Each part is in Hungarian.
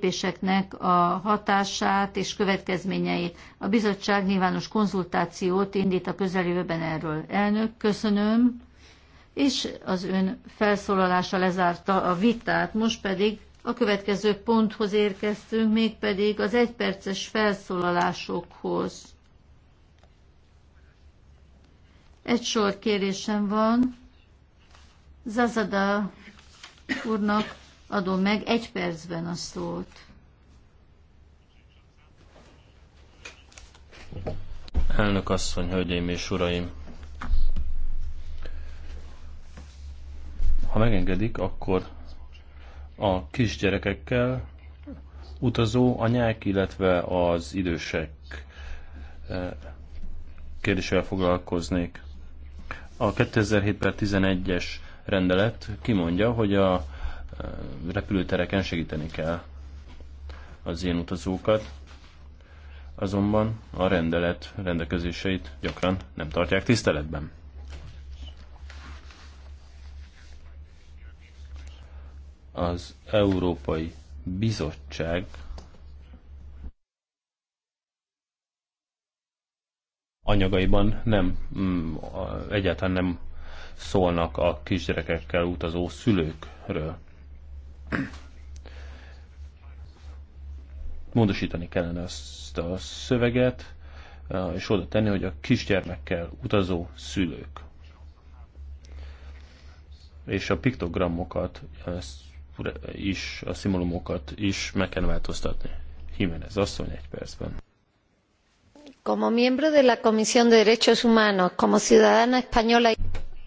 lépéseknek a hatását és következményeit. A bizottság nyilvános konzultációt indít a közeljövőben erről. Elnök, köszönöm, és az ön felszólalása lezárta a vitát. Most pedig a következő ponthoz érkeztünk, mégpedig az egyperces felszólalásokhoz. Egy sor kérésem van. Zazada úrnak adom meg egy percben a szót. Elnök asszony, hölgyeim és uraim! Ha megengedik, akkor a kisgyerekekkel utazó anyák, illetve az idősek eh, kérdésével foglalkoznék. A 2007 11-es rendelet kimondja, hogy a repülőtereken segíteni kell az ilyen utazókat, azonban a rendelet rendelkezéseit gyakran nem tartják tiszteletben. Az Európai Bizottság anyagaiban nem, mm, egyáltalán nem szólnak a kisgyerekekkel utazó szülőkről módosítani kellene azt a szöveget, eh, és oda tenni, hogy a kisgyermekkel utazó szülők. És a piktogramokat eh, is, a szimbólumokat is meg kell változtatni. Jiménez asszony egy percben. Como miembro de la Comisión de Derechos Humanos, como ciudadana española...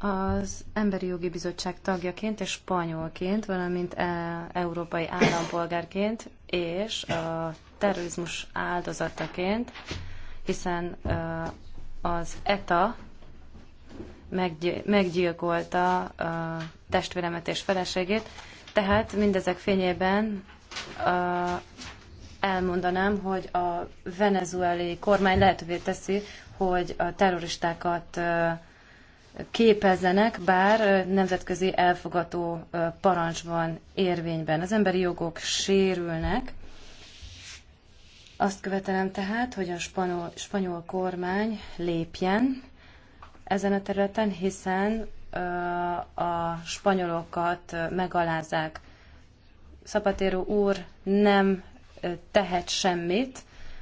Az Emberi Jogi Bizottság tagjaként és spanyolként, valamint e- európai állampolgárként és a terrorizmus áldozataként, hiszen e, az ETA meggy- meggyilkolta a e, testvéremet és feleségét, tehát mindezek fényében e, elmondanám, hogy a venezuelai kormány lehetővé teszi, hogy a terroristákat képezzenek, bár nemzetközi elfogató parancs van érvényben. Az emberi jogok sérülnek. Azt követelem tehát, hogy a spanyol, spanyol kormány lépjen ezen a területen, hiszen a spanyolokat megalázzák. Szapatéró úr nem tehet semmit,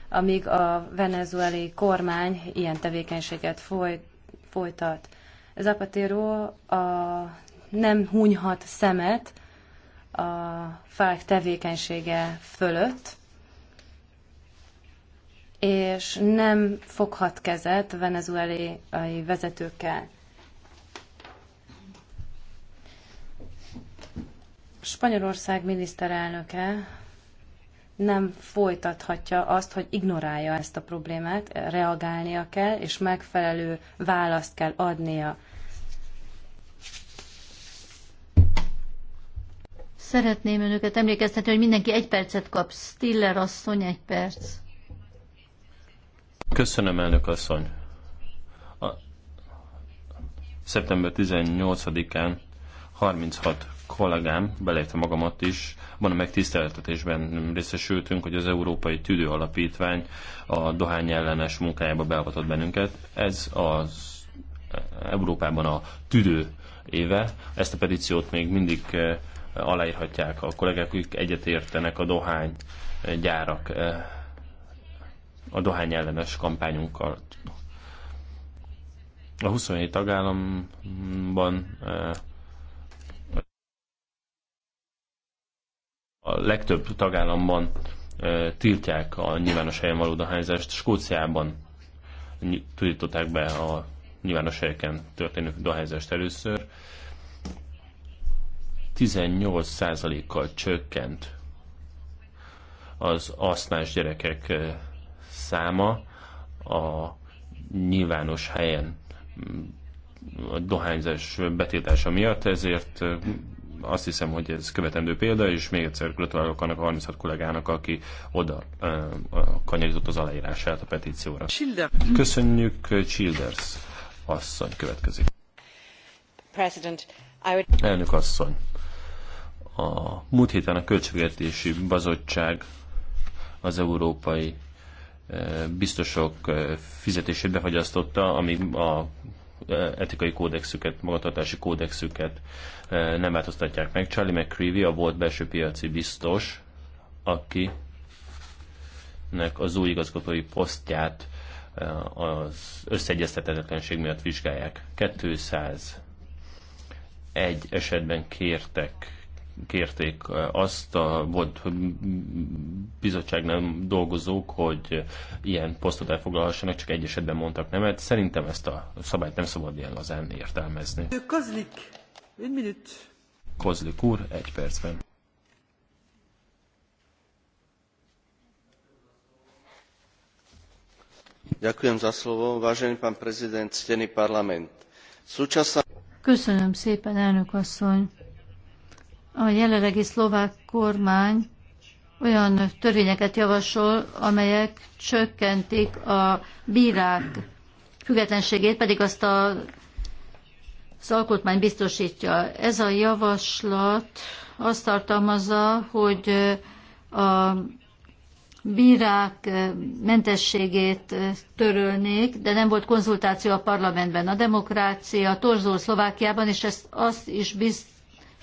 amíg a venezueli kormány ilyen tevékenységet folyt, folytat. Zapatero a nem hunyhat szemet a fák tevékenysége fölött, és nem foghat kezet venezuelai vezetőkkel. Spanyolország miniszterelnöke nem folytathatja azt, hogy ignorálja ezt a problémát, reagálnia kell, és megfelelő választ kell adnia Szeretném önöket emlékeztetni, hogy mindenki egy percet kap. Stiller asszony, egy perc. Köszönöm, elnök asszony. A szeptember 18-án 36 kollégám, beleértve magamat is, van a megtiszteltetésben részesültünk, hogy az Európai Tüdő Alapítvány a dohány ellenes munkájába beavatott bennünket. Ez az Európában a tüdő éve. Ezt a petíciót még mindig eh, aláírhatják a kollégák, akik egyetértenek a dohány gyárak eh, a dohány ellenes kampányunkkal. A 27 tagállamban eh, a legtöbb tagállamban eh, tiltják a nyilvános helyen való dohányzást. Skóciában tiltották be a nyilvános helyeken történő dohányzást először. 18%-kal csökkent az asztmás gyerekek száma a nyilvános helyen mm, a dohányzás betiltása miatt, ezért azt hiszem, hogy ez követendő példa, és még egyszer gratulálok annak a 36 kollégának, aki oda uh, kanyarított az aláírását a petícióra. Childers. Köszönjük, Childers asszony következik. President, I would... Elnök asszony, a múlt héten a Költségvetési Bazottság az európai eh, biztosok eh, fizetését befagyasztotta, ami a eh, etikai kódexüket, magatartási kódexüket nem változtatják meg. Charlie McCreevy, a volt belső piaci biztos, aki nek az új igazgatói posztját az összeegyeztetetlenség miatt vizsgálják. 201 esetben kértek kérték azt a volt bizottságnál dolgozók, hogy ilyen posztot elfoglalhassanak, csak egy esetben mondtak nemet. Szerintem ezt a szabályt nem szabad ilyen lazán értelmezni. Kozlik, egy minut. Kozlik úr, egy percben. Ďakujem za slovo, vážený pán prezident, stený parlament. Súčasná... Köszönöm szépen, elnök asszony. A jelenlegi szlovák kormány olyan törvényeket javasol, amelyek csökkentik a bírák függetlenségét, pedig azt a, az alkotmány biztosítja. Ez a javaslat azt tartalmazza, hogy a bírák mentességét törölnék, de nem volt konzultáció a parlamentben. A demokrácia torzó Szlovákiában, és ezt azt is biztos,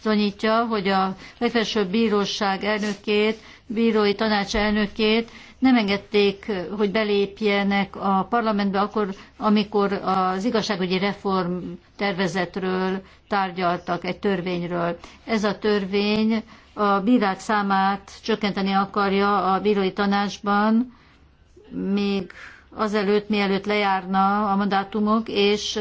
bizonyítja, hogy a legfelsőbb bíróság elnökét, bírói tanács elnökét nem engedték, hogy belépjenek a parlamentbe akkor, amikor az igazságügyi reform tervezetről tárgyaltak, egy törvényről. Ez a törvény a bírák számát csökkenteni akarja a bírói tanácsban, még azelőtt, mielőtt lejárna a mandátumok, és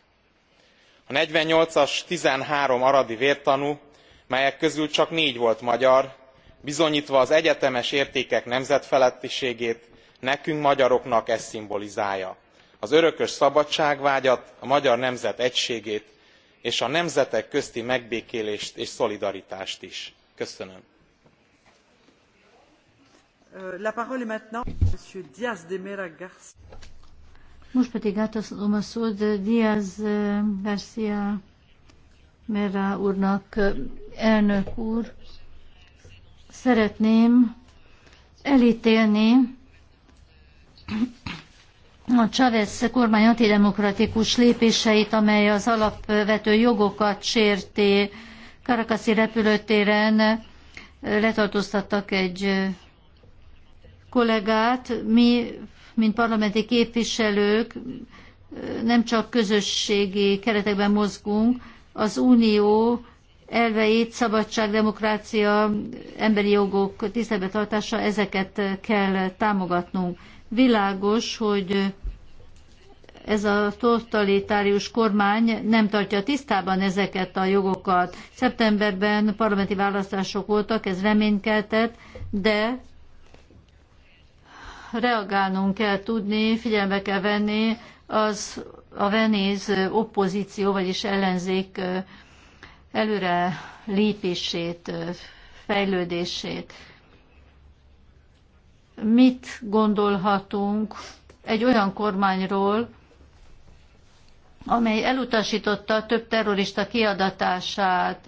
a forty eight as thirteen aradi vértanú melyek közül csak négy volt magyar bizonytva az egyetemes értékek nemzetfelettiségét nekünk magyaroknak ezt szimbolizálja az örökös szabadságvágyat a magyar nemzet egységét és a nemzetek közti megbékélést és szolidaritást is. köszönöm. Euh, most pedig átadom a szót Diaz eh, Garcia Mera úrnak, elnök úr. Szeretném elítélni a Chavez kormány antidemokratikus lépéseit, amely az alapvető jogokat sérti. Karakaszi repülőtéren eh, letartóztattak egy eh, kollégát. Mi mint parlamenti képviselők nem csak közösségi keretekben mozgunk, az unió elveit, szabadság, demokrácia, emberi jogok tiszteletbe tartása, ezeket kell támogatnunk. Világos, hogy ez a totalitárius kormány nem tartja tisztában ezeket a jogokat. Szeptemberben parlamenti választások voltak, ez reménykeltett, de reagálnunk kell tudni, figyelme kell venni az a Venéz opozíció, vagyis ellenzék előre lépését, fejlődését. Mit gondolhatunk egy olyan kormányról, amely elutasította több terrorista kiadatását,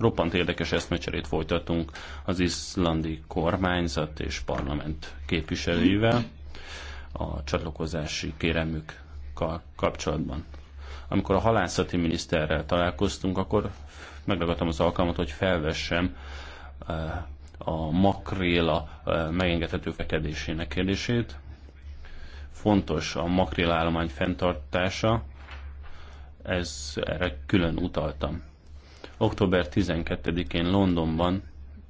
roppant érdekes eszmecserét folytatunk az izlandi kormányzat és parlament képviselőivel a csatlakozási kérelmükkal kapcsolatban. Amikor a halászati miniszterrel találkoztunk, akkor megragadtam az alkalmat, hogy felvessem eh, a makréla eh, megengedhető fekedésének kérdését. Fontos a makréla állomány fenntartása, ez erre külön utaltam. Október 12-én Londonban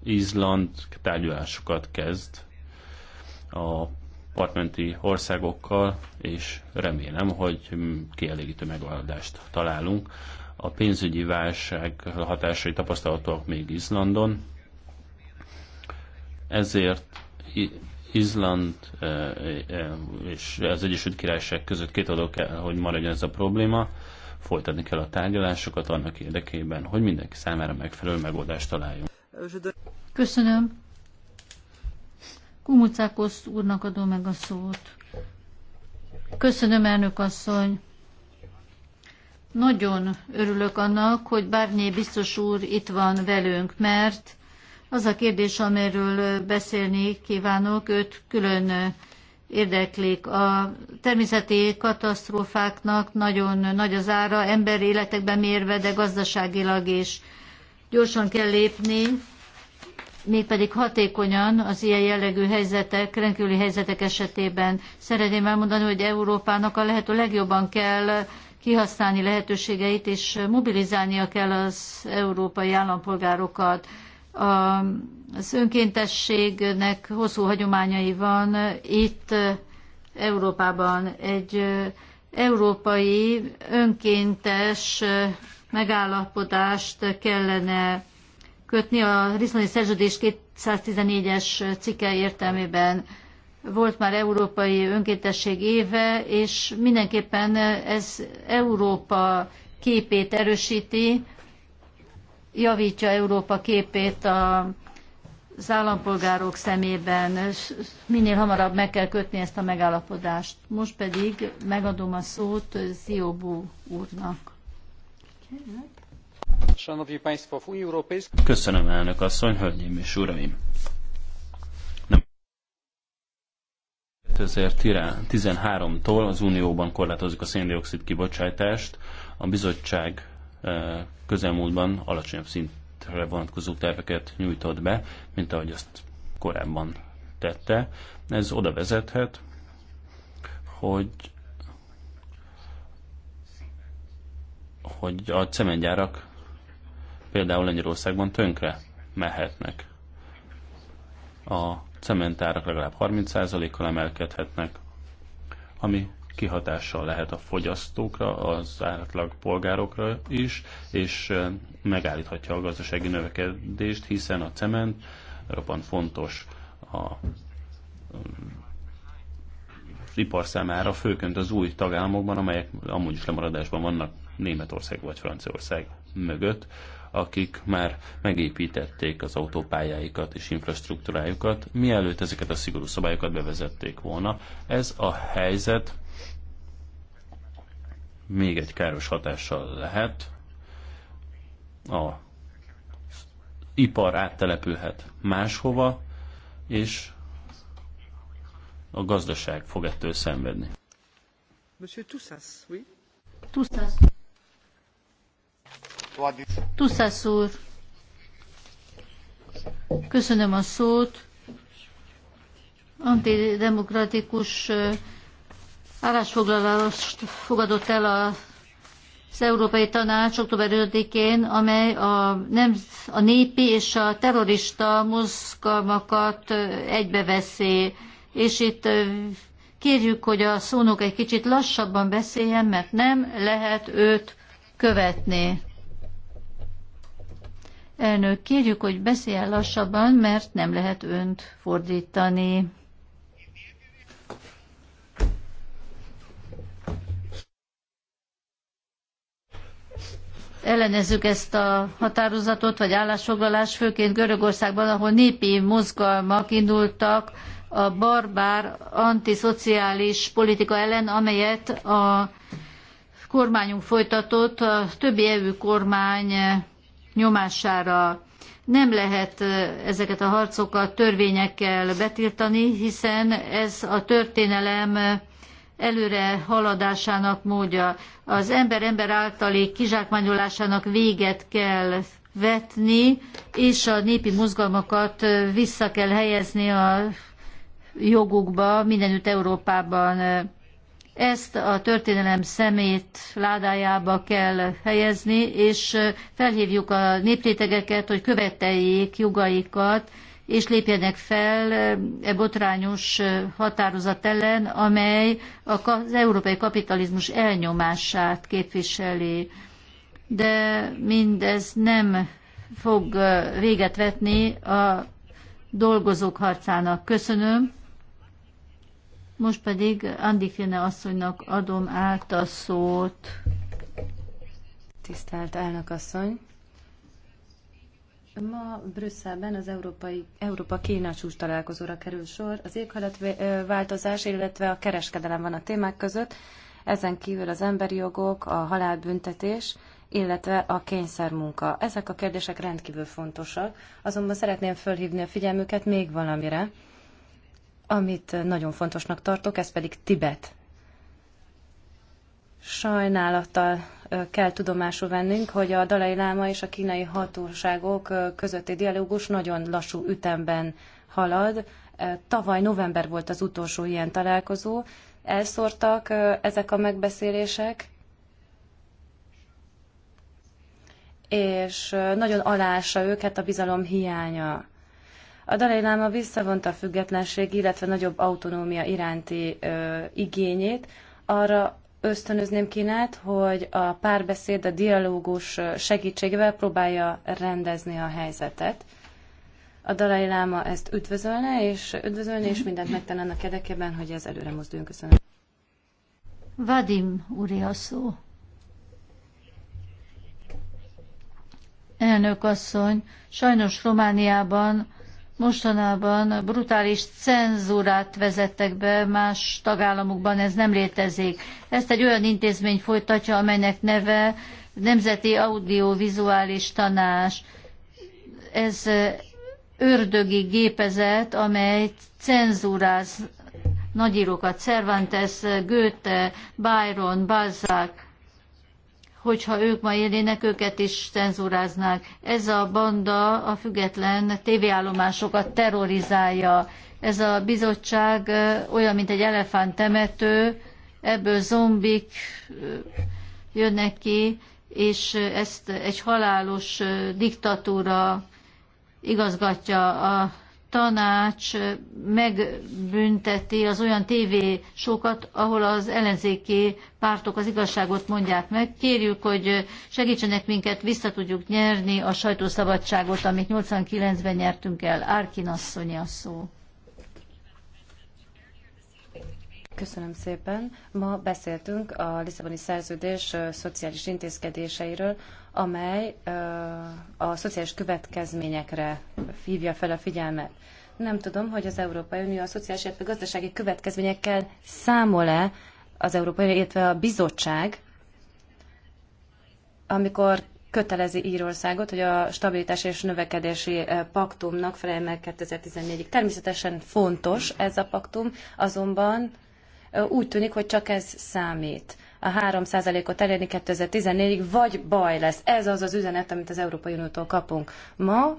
Izland tárgyalásokat kezd a partmenti országokkal, és remélem, hogy kielégítő megoldást találunk. A pénzügyi válság hatásai tapasztalatok még Izlandon, ezért Izland e, e, és az Egyesült Királyság között két adó kell, hogy maradjon ez a probléma. Folytatni kell a tárgyalásokat annak érdekében, hogy mindenki számára megfelelő megoldást találjunk. Köszönöm. Kumucákos úrnak adom meg a szót. Köszönöm, elnök asszony. Nagyon örülök annak, hogy Bárnyé biztos úr itt van velünk, mert az a kérdés, amiről beszélni kívánok, őt külön érdeklik. A természeti katasztrófáknak nagyon nagy az ára, emberi életekben mérve, de gazdaságilag is. Gyorsan kell lépni, mégpedig hatékonyan az ilyen jellegű helyzetek, rendkívüli helyzetek esetében. Szeretném elmondani, hogy Európának a lehető legjobban kell kihasználni lehetőségeit, és mobilizálnia kell az európai állampolgárokat. A, az önkéntességnek hosszú hagyományai van itt Európában. Egy európai önkéntes megállapodást kellene kötni a Rizsoni Szerződés 214-es cikke értelmében. Volt már európai önkéntesség éve, és mindenképpen ez Európa képét erősíti, javítja Európa képét a az állampolgárok szemében minél hamarabb meg kell kötni ezt a megállapodást. Most pedig megadom a szót Ziobó úrnak. Köszönöm, elnök asszony, hölgyeim és uraim! Nem. 2013-tól az Unióban korlátozik a széndiokszid kibocsátást, a bizottság közelmúltban alacsonyabb szintre vonatkozó terveket nyújtott be, mint ahogy azt korábban tette. Ez oda vezethet, hogy hogy a cementgyárak például Lengyelországban tönkre mehetnek. A cementárak legalább 30%-kal emelkedhetnek, ami kihatással lehet a fogyasztókra, az átlag polgárokra is, és megállíthatja a gazdasági növekedést, hiszen a cement roppant fontos a ipar számára, főként az új tagállamokban, amelyek amúgy is lemaradásban vannak Németország vagy Franciaország mögött, akik már megépítették az autópályáikat és infrastruktúrájukat, mielőtt ezeket a szigorú szabályokat bevezették volna. Ez a helyzet még egy káros hatással lehet. A ipar áttelepülhet máshova, és a gazdaság fog ettől szenvedni. Monsieur Tussas, oui? Tussas. Tussas úr. Köszönöm a szót. Antidemokratikus állásfoglalást fogadott el a az Európai Tanács október 5-én, amely a, nem, a népi és a terrorista mozgalmakat egybeveszi, és itt kérjük, hogy a szónok egy kicsit lassabban beszéljen, mert nem lehet őt követni. Elnök, kérjük, hogy beszéljen lassabban, mert nem lehet önt fordítani. ellenezzük ezt a határozatot, vagy állásfoglalást, főként Görögországban, ahol népi mozgalmak indultak a barbár, antiszociális politika ellen, amelyet a kormányunk folytatott a többi EU kormány nyomására. Nem lehet ezeket a harcokat törvényekkel betiltani, hiszen ez a történelem előre haladásának módja. Az ember-ember általi kizsákmányolásának véget kell vetni, és a népi mozgalmakat vissza kell helyezni a jogukba, mindenütt Európában. Ezt a történelem szemét ládájába kell helyezni, és felhívjuk a néprétegeket, hogy követeljék jogaikat, és lépjenek fel e botrányos határozat ellen, amely az európai kapitalizmus elnyomását képviseli. De mindez nem fog véget vetni a dolgozók harcának. Köszönöm. Most pedig Andikine asszonynak adom át a szót. Tisztelt elnök asszony, Ma Brüsszelben az Európai, Európa Kína csúcs találkozóra kerül sor. Az éghajlatváltozás, illetve a kereskedelem van a témák között. Ezen kívül az emberi jogok, a halálbüntetés, illetve a kényszermunka. Ezek a kérdések rendkívül fontosak, azonban szeretném fölhívni a figyelmüket még valamire, amit nagyon fontosnak tartok, ez pedig Tibet. Sajnálattal kell tudomásul vennünk, hogy a Dalai Láma és a kínai hatóságok közötti dialógus nagyon lassú ütemben halad. Tavaly november volt az utolsó ilyen találkozó. Elszórtak ezek a megbeszélések, és nagyon alása őket a bizalom hiánya. A Dalai Láma visszavonta a függetlenség, illetve nagyobb autonómia iránti ö, igényét, arra ösztönözném Kínát, hogy a párbeszéd, a dialógus segítségével próbálja rendezni a helyzetet. A Dalai Láma ezt üdvözölne, és üdvözölni, és mindent megtenne annak érdekében, hogy ez előre mozduljon. Köszönöm. Vadim úri a szó. Elnök asszony, sajnos Romániában mostanában brutális cenzúrát vezettek be más tagállamokban, ez nem létezik. Ezt egy olyan intézmény folytatja, amelynek neve Nemzeti Audiovizuális Tanács. Ez eh, ördögi gépezet, amely cenzúráz nagyírókat, Cervantes, Goethe, Byron, Balzac, hogyha ők ma élnének, őket is cenzúráznák. Ez a banda a független tévéállomásokat terrorizálja. Ez a bizottság olyan, mint egy elefánt temető, ebből zombik jönnek ki, és ezt egy halálos diktatúra igazgatja a tanács megbünteti az olyan tévésokat, ahol az ellenzéki pártok az igazságot mondják meg. Kérjük, hogy segítsenek minket, vissza tudjuk nyerni a sajtószabadságot, amit 89-ben nyertünk el. Árkin asszony a szó. Köszönöm szépen. Ma beszéltünk a Lisszaboni szerződés szociális intézkedéseiről, amely a szociális következményekre hívja fel a figyelmet. Nem tudom, hogy az Európai Unió a szociális, illetve gazdasági következményekkel számol-e az Európai Unió, illetve a bizottság, amikor kötelezi Írországot, hogy a stabilitás és növekedési paktumnak felel meg 2014-ig. Természetesen fontos ez a paktum, azonban úgy tűnik, hogy csak ez számít. A 3%-ot elérni 2014-ig, vagy baj lesz. Ez az az üzenet, amit az Európai Uniótól kapunk. Ma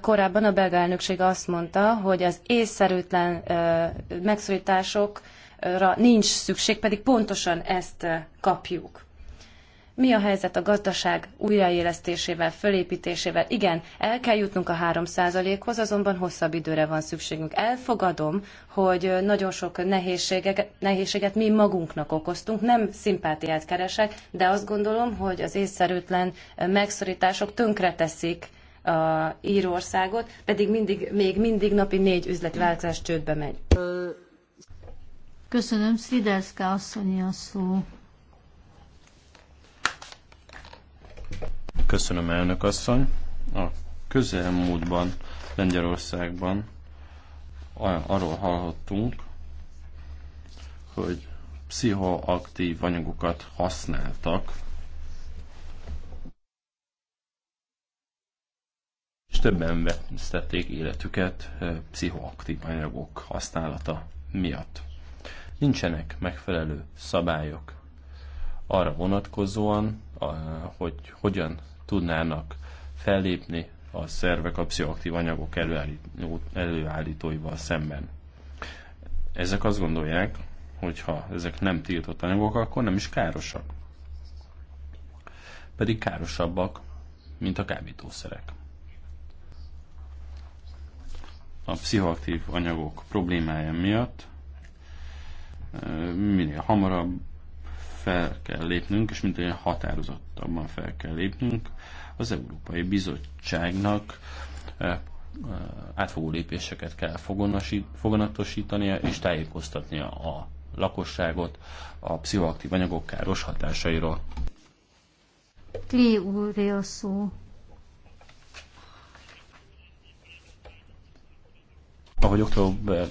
korábban a belga elnökség azt mondta, hogy az észszerűtlen megszorításokra nincs szükség, pedig pontosan ezt kapjuk mi a helyzet a gazdaság újraélesztésével, fölépítésével? Igen, el kell jutnunk a 3%-hoz, azonban hosszabb időre van szükségünk. Elfogadom, hogy nagyon sok nehézséget, nehézséget mi magunknak okoztunk, nem szimpátiát keresek, de azt gondolom, hogy az észszerűtlen megszorítások tönkreteszik a Írországot, pedig mindig, még mindig napi négy üzleti változás csődbe megy. Köszönöm, Sziderszka asszonyi a szó. Köszönöm, elnök asszony. A közelmúltban Lengyelországban arról hallhattunk, hogy pszichoaktív anyagokat használtak, és többen vesztették életüket eh, pszichoaktív anyagok használata miatt. Nincsenek megfelelő szabályok arra vonatkozóan, hogy hogyan tudnának fellépni a szervek a pszichoaktív anyagok előállítóival szemben. Ezek azt gondolják, hogy ha ezek nem tiltott anyagok, akkor nem is károsak. Pedig károsabbak, mint a kábítószerek. A pszichoaktív anyagok problémája miatt minél hamarabb fel kell lépnünk, és mint olyan határozottabban fel kell lépnünk, az Európai Bizottságnak eh, eh, átfogó lépéseket kell foganatosítania és tájékoztatnia a lakosságot a pszichoaktív anyagok káros hatásairól. Kli szó. Ahogy október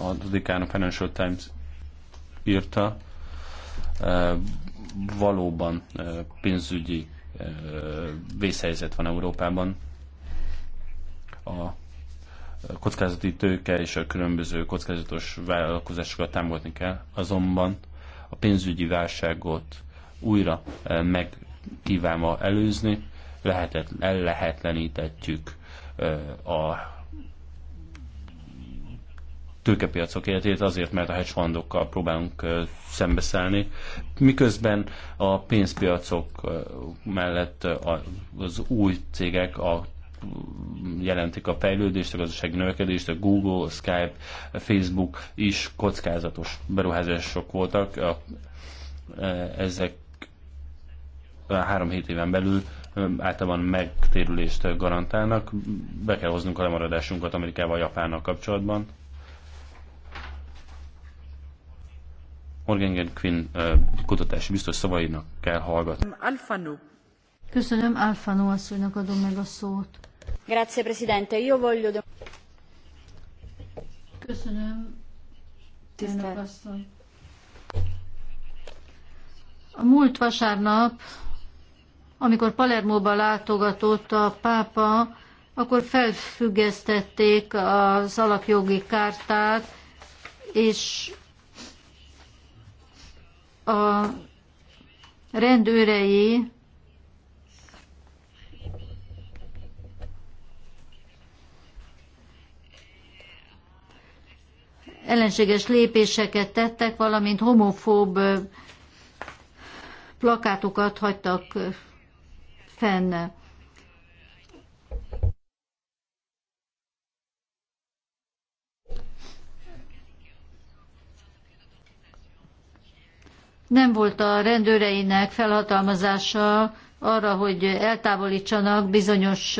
6-án a Financial Times írta, valóban pénzügyi vészhelyzet van Európában. A kockázati tőke és a különböző kockázatos vállalkozásokat támogatni kell, azonban a pénzügyi válságot újra meg kívánva előzni, lehetet, ellehetlenítetjük a tőkepiacok életét azért, mert a hedge fundokkal próbálunk szembeszállni, miközben a pénzpiacok mellett az új cégek a jelentik a fejlődést, a gazdasági növekedést, a Google, a Skype, a Facebook is kockázatos beruházások voltak. Ezek három-hét éven belül általában megtérülést garantálnak. Be kell hoznunk a lemaradásunkat Amerikával, Japánnal kapcsolatban. Morgan Quinn kutatási biztos szavainak kell hallgatni. Alfano. Köszönöm, Alfano asszonynak adom meg a szót. Grazie, Presidente. Io voglio... Köszönöm, Tisztelt asszony. A múlt vasárnap, amikor Palermóba látogatott a pápa, akkor felfüggesztették az alapjogi kártát, és a rendőrei ellenséges lépéseket tettek, valamint homofób plakátokat hagytak fenn. volt a rendőreinek felhatalmazása arra, hogy eltávolítsanak bizonyos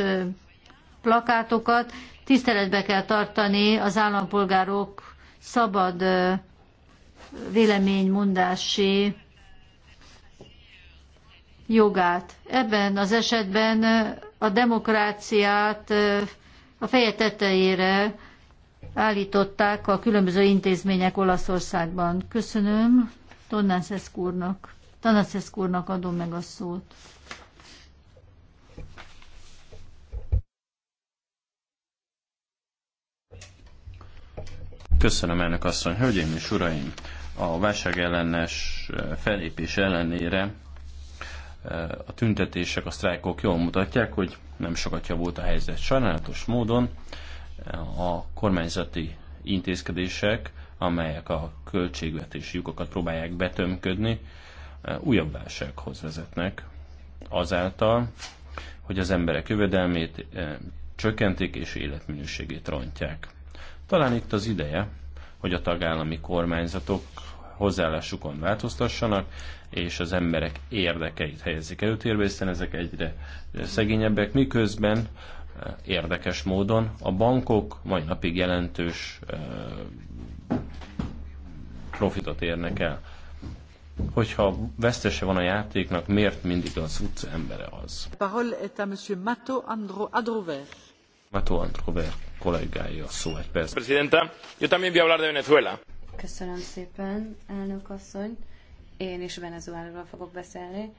plakátokat. Tiszteletbe kell tartani az állampolgárok szabad véleménymondási jogát. Ebben az esetben a demokráciát a feje tetejére állították a különböző intézmények Olaszországban. Köszönöm. Tornászeszk úrnak, Tanaszeszk úrnak adom meg a szót. Köszönöm elnök asszony, hölgyeim és uraim! A válság ellenes eh, felépés ellenére eh, a tüntetések, a sztrájkok jól mutatják, hogy nem sokat javult a helyzet. Sajnálatos módon eh, a kormányzati intézkedések amelyek a költségvetési lyukokat próbálják betömködni, e, újabb válsághoz vezetnek azáltal, hogy az emberek jövedelmét e, csökkentik és életminőségét rontják. Talán itt az ideje, hogy a tagállami kormányzatok hozzáállásukon változtassanak, és az emberek érdekeit helyezik előtérbe, hiszen ezek egyre e, szegényebbek, miközben érdekes módon a bankok mai napig jelentős profitot érnek el. Hogyha vesztese van a játéknak, miért mindig az utca embere az? Mato Andro Adrover. Mato Androver kollégája a szó egy perc. Presidenta, yo también voy a hablar de Venezuela. Köszönöm szépen, elnök asszony. Én is Venezueláról fogok beszélni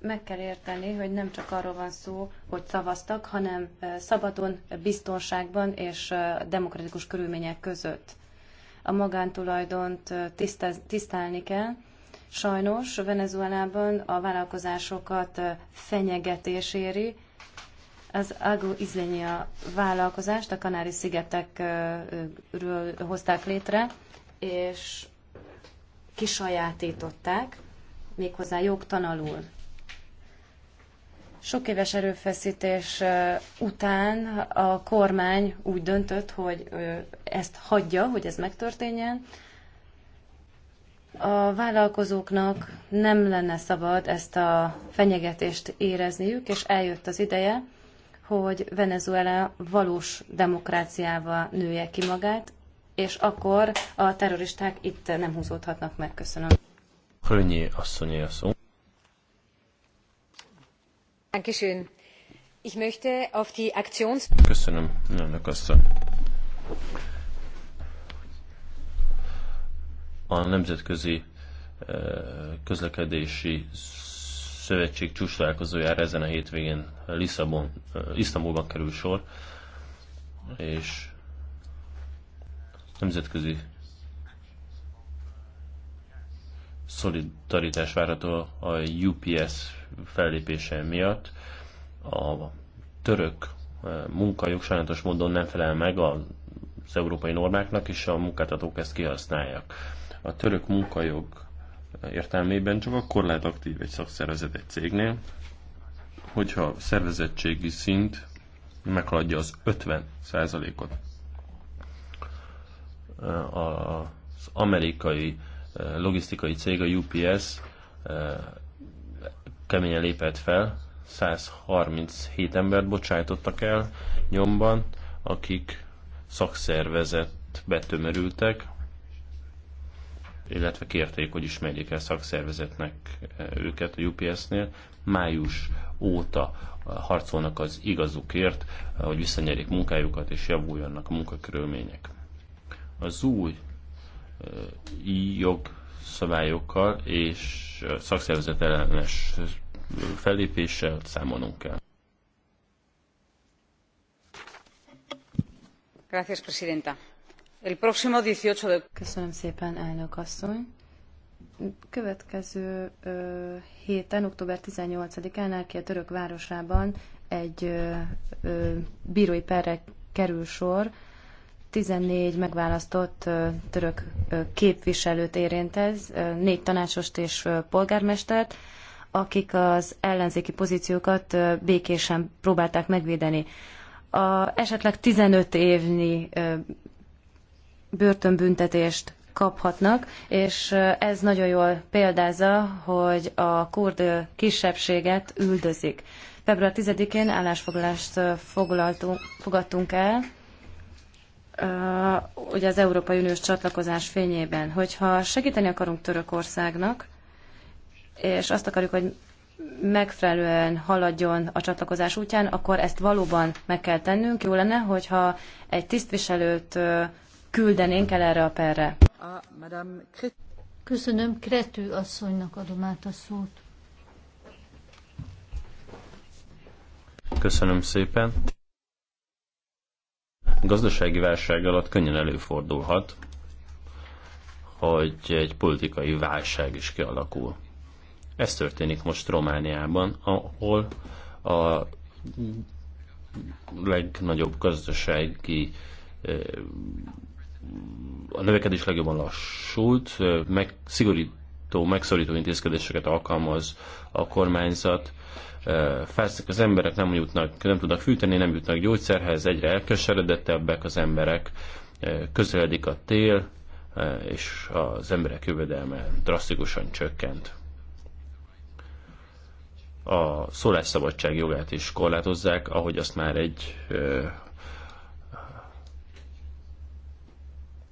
meg kell érteni, hogy nem csak arról van szó, hogy szavaztak, hanem szabadon, biztonságban és demokratikus körülmények között a magántulajdont tisztelni tisztálni kell. Sajnos Venezuelában a vállalkozásokat fenyegetés éri. Az Agu Izenia vállalkozást a Kanári-szigetekről hozták létre, és kisajátították, méghozzá jogtanalul. Sok éves erőfeszítés után a kormány úgy döntött, hogy ezt hagyja, hogy ez megtörténjen. A vállalkozóknak nem lenne szabad ezt a fenyegetést érezniük, és eljött az ideje, hogy Venezuela valós demokráciával nője ki magát, és akkor a terroristák itt nem húzódhatnak meg. Köszönöm. Hölgyi asszonyi a szó. Köszönöm, elnök asszony. A Nemzetközi eh, Közlekedési Szövetség csúcsalálkozójára ezen a hétvégén Lisszabon, eh, Isztambulban kerül sor, és nemzetközi szolidaritás várható a UPS fellépése miatt a török eh, munkajog sajnos módon nem felel meg az európai normáknak, és a munkáltatók ezt kihasználják. A török munkajog értelmében csak akkor lehet aktív egy szakszervezet egy cégnél, hogyha a szervezettségi szint meghaladja az 50%-ot. Eh, az amerikai eh, logisztikai cég, a UPS keményen lépett fel, 137 embert bocsájtottak el nyomban, akik szakszervezet betömörültek, illetve kérték, hogy ismerjék el szakszervezetnek e, őket a UPS-nél. Május óta e, harcolnak az igazukért, e, hogy visszanyerjék munkájukat és javuljanak a munkakörülmények. Az új jog szabályokkal és szakszervezet ellenes fellépéssel számolnunk kell. Gracias, Presidenta. El próximo 18 de... Köszönöm szépen, elnök asszony. Következő ö, héten, október 18-án Erkél török városában egy ö, ö, bírói perre kerül sor, 14 megválasztott török képviselőt érint ez, négy tanácsost és polgármestert, akik az ellenzéki pozíciókat békésen próbálták megvédeni. A esetleg 15 évnyi börtönbüntetést kaphatnak, és ez nagyon jól példázza, hogy a kurd kisebbséget üldözik. Február 10-én állásfoglalást fogadtunk el, ugye az Európai Uniós csatlakozás fényében, hogyha segíteni akarunk Törökországnak, és azt akarjuk, hogy megfelelően haladjon a csatlakozás útján, akkor ezt valóban meg kell tennünk. Jó lenne, hogyha egy tisztviselőt küldenénk el erre a perre. Köszönöm, Kretű asszonynak adom át a szót. Köszönöm szépen gazdasági válság alatt könnyen előfordulhat, hogy egy politikai válság is kialakul. Ez történik most Romániában, ahol a legnagyobb gazdasági a növekedés legjobban lassult, meg, szigorító, megszorító intézkedéseket alkalmaz a kormányzat, fáztak az emberek, nem jutnak, nem tudnak fűteni, nem jutnak gyógyszerhez, egyre elkeseredettebbek az emberek, közeledik a tél, és az emberek jövedelme drasztikusan csökkent. A szólásszabadság jogát is korlátozzák, ahogy azt már egy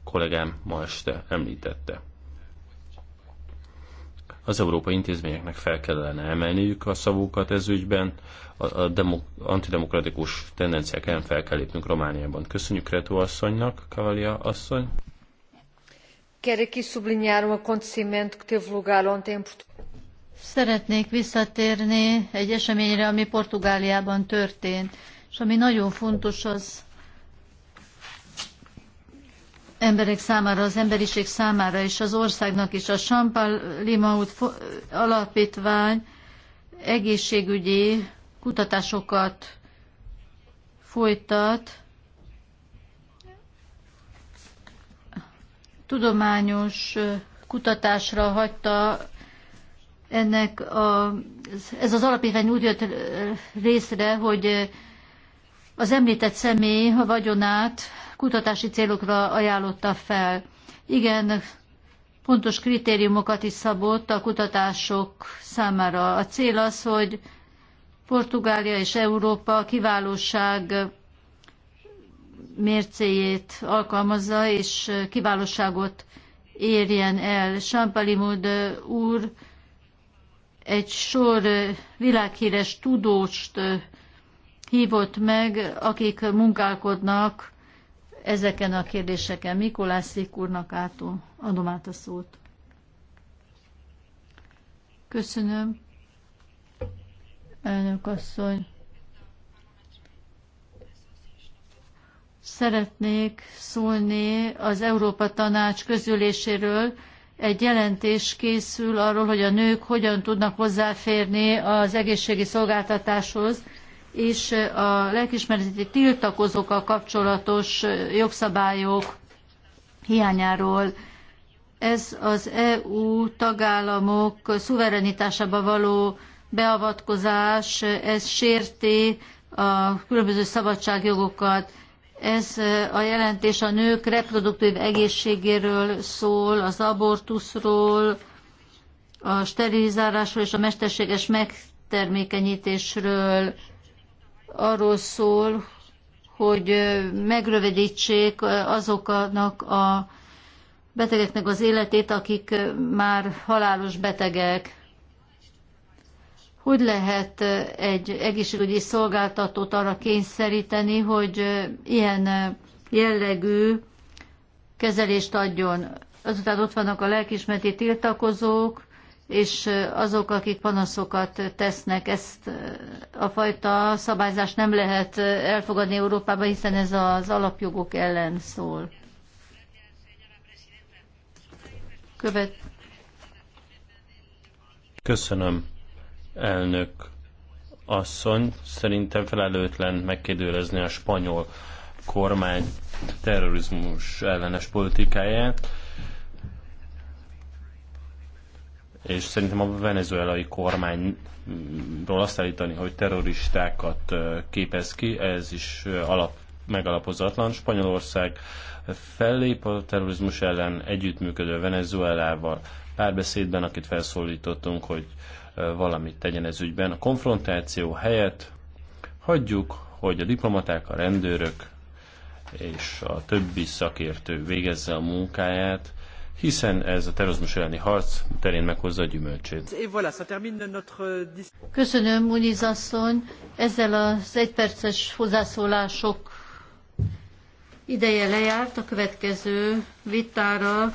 kollégám ma este említette az európai intézményeknek fel kellene emelniük a szavukat ez ügyben, a, a demok, antidemokratikus tendenciák ellen fel kell lépnünk Romániában. Köszönjük Kretó asszonynak, Kavalia asszony. Um Szeretnék visszatérni egy eseményre, ami Portugáliában történt, és ami nagyon fontos az emberek számára, az emberiség számára és az országnak is. A Champal Limaut alapítvány egészségügyi kutatásokat folytat, tudományos kutatásra hagyta ennek a, ez az alapítvány úgy jött részre, hogy az említett személy a vagyonát kutatási célokra ajánlotta fel. Igen, pontos kritériumokat is szabott a kutatások számára. A cél az, hogy Portugália és Európa kiválóság mércéjét alkalmazza, és kiválóságot érjen el. Sampalimud úr egy sor világhíres tudóst hívott meg, akik munkálkodnak ezeken a kérdéseken. Szék úrnak átom, adom át a szót. Köszönöm. Elnök asszony. Szeretnék szólni az Európa Tanács közüléséről. Egy jelentés készül arról, hogy a nők hogyan tudnak hozzáférni az egészségi szolgáltatáshoz és a lelkismereti tiltakozókkal kapcsolatos jogszabályok hiányáról. Ez az EU tagállamok szuverenitásába való beavatkozás, ez sérti a különböző szabadságjogokat. Ez a jelentés a nők reproduktív egészségéről szól, az abortuszról, a sterilizálásról és a mesterséges megtermékenyítésről arról szól, hogy megrövidítsék azoknak a betegeknek az életét, akik már halálos betegek. Hogy lehet egy egészségügyi szolgáltatót arra kényszeríteni, hogy ilyen jellegű kezelést adjon? Azután ott vannak a lelkismeti tiltakozók, és azok, akik panaszokat tesznek, ezt a fajta szabályzást nem lehet elfogadni Európában, hiszen ez az alapjogok ellen szól. Követ. Köszönöm, elnök asszony. Szerintem felelőtlen megkérdőlezni a spanyol kormány terrorizmus ellenes politikáját. és szerintem a venezuelai kormányról azt állítani, hogy terroristákat képez ki, ez is alap, megalapozatlan. Spanyolország fellép a terrorizmus ellen együttműködő Venezuelával párbeszédben, akit felszólítottunk, hogy valamit tegyen ez ügyben. A konfrontáció helyett hagyjuk, hogy a diplomaták, a rendőrök és a többi szakértő végezze a munkáját, hiszen ez a terrorizmus elleni harc terén meghozza a gyümölcsét. Euh, Köszönöm, Muniz asszony. Ezzel az egyperces hozzászólások ideje lejárt. A következő vitára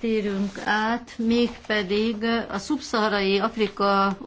térünk át, mégpedig a szubszaharai Afrika